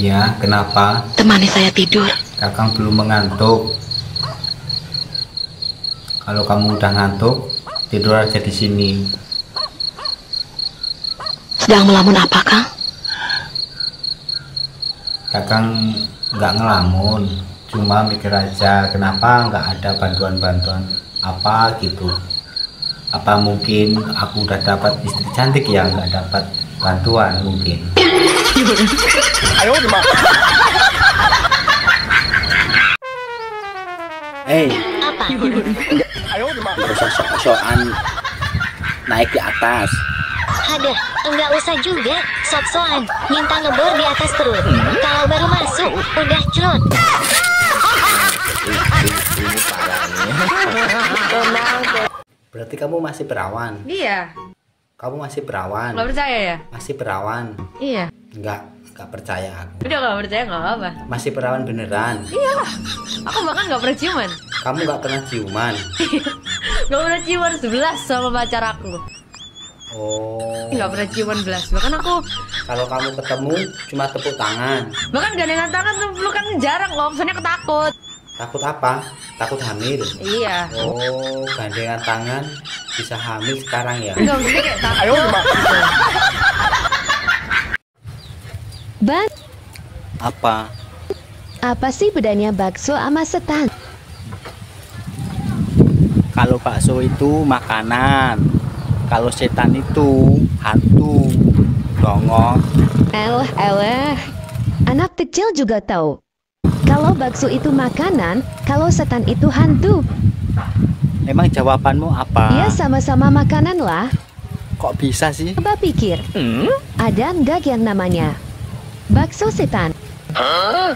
Iya, kenapa? Temani saya tidur. Kakang belum mengantuk. Kalau kamu udah ngantuk, tidur aja di sini. Sedang melamun apa, Kang? Kakang nggak ngelamun, cuma mikir aja kenapa nggak ada bantuan-bantuan apa gitu. Apa mungkin aku udah dapat istri cantik ya nggak dapat bantuan mungkin? 哎呦我的妈！Eh, enggak usah juga. Sok-sokan minta ngebor di atas perut. Kalau baru masuk, udah Berarti kamu masih perawan? Iya. Kamu masih perawan? Belum percaya ya? Masih perawan. Iya. Enggak, enggak percaya aku. Udah enggak percaya enggak apa-apa. Masih perawan beneran. Iya. Aku bahkan enggak pernah ciuman. Kamu enggak pernah ciuman. Enggak pernah ciuman sebelas sama pacar aku. Oh. Enggak pernah ciuman belas. Bahkan aku kalau kamu ketemu cuma tepuk tangan. Bahkan gandengan tangan tuh kan jarang loh, soalnya ketakut. Takut apa? Takut hamil. Iya. Oh, gandengan tangan bisa hamil sekarang ya. Enggak, maksudnya kayak takut. Ayo, Bak. Apa? Apa sih bedanya bakso sama setan? Kalau bakso itu makanan, kalau setan itu hantu, Dongok. Eleh, eleh. Anak kecil juga tahu. Kalau bakso itu makanan, kalau setan itu hantu. Emang jawabanmu apa? Ya sama-sama makanan lah. Kok bisa sih? Coba pikir. Hmm? Ada nggak yang namanya Bakso setan. Huh?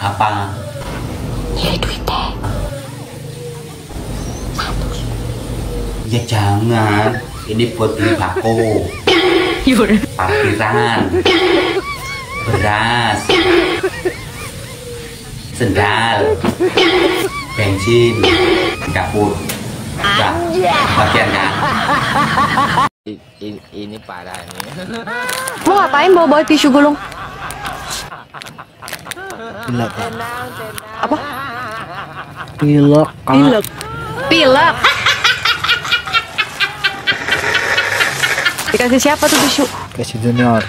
Apa? Ya duitnya. Ya jangan. Ini buat beli bako. Parkiran. Beras. Sendal bensin dapur bagian ini, parah ini mau ngapain bawa bawa tisu gulung pilek apa pilek pilek pilek dikasih siapa tuh tisu kasih junior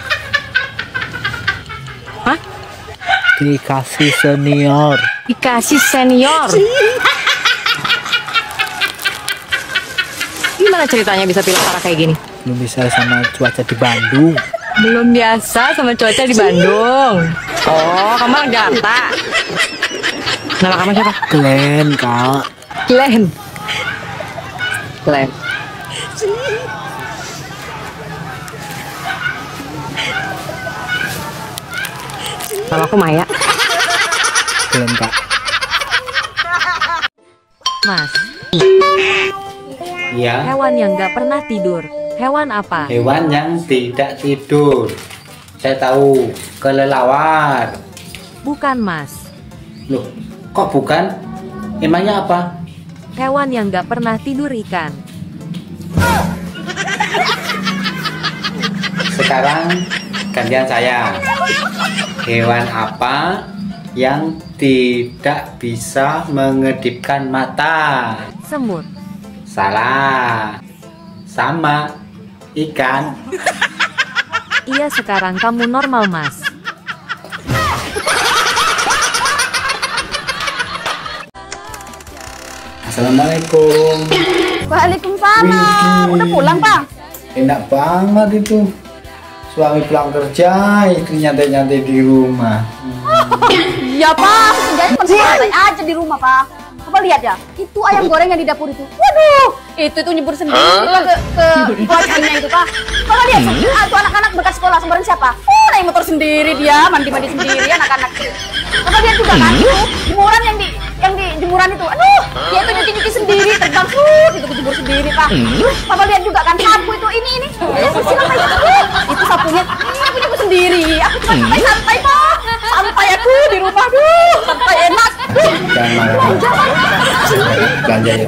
dikasih senior dikasih senior gimana ceritanya bisa pilih parah kayak gini belum bisa sama cuaca di Bandung belum biasa sama cuaca di Bandung oh kamu orang Jakarta nama kamu siapa Glenn kak Glenn Glenn Kalau aku Maya. Belum kak. Mas. Iya. Hewan yang nggak pernah tidur. Hewan apa? Hewan yang tidak tidur. Saya tahu kelelawar. Bukan Mas. Loh, kok bukan? Emangnya apa? Hewan yang nggak pernah tidur ikan. Sekarang gantian saya. Hewan apa yang tidak bisa mengedipkan mata? Semut. Salah. Sama. Ikan. Iya sekarang kamu normal mas. Assalamualaikum. Waalaikumsalam. Udah pulang pak? Enak banget itu suami pulang kerja istri nyantai nyantai di rumah iya hmm. pak kerjanya santai aja di rumah pak coba lihat ya itu ayam goreng yang di dapur itu waduh itu itu nyebur sendiri huh? ke ke keluarganya itu pak coba lihat hmm? itu anak-anak bekas sekolah sembarang siapa oh naik motor sendiri dia mandi mandi sendiri anak-anak itu coba lihat juga kan itu jemuran yang di yang di jemuran itu aduh dia itu nyuci nyuci sendiri terbang tuh itu kejemur gitu, sendiri pak hmm? coba lihat juga kan sapu itu ini ini silakan aku punya aku sendiri aku cuma hmm. santai santai pak santai aku di rumah duh santai enak duh belanja pak belanja ya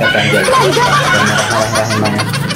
belanja belanja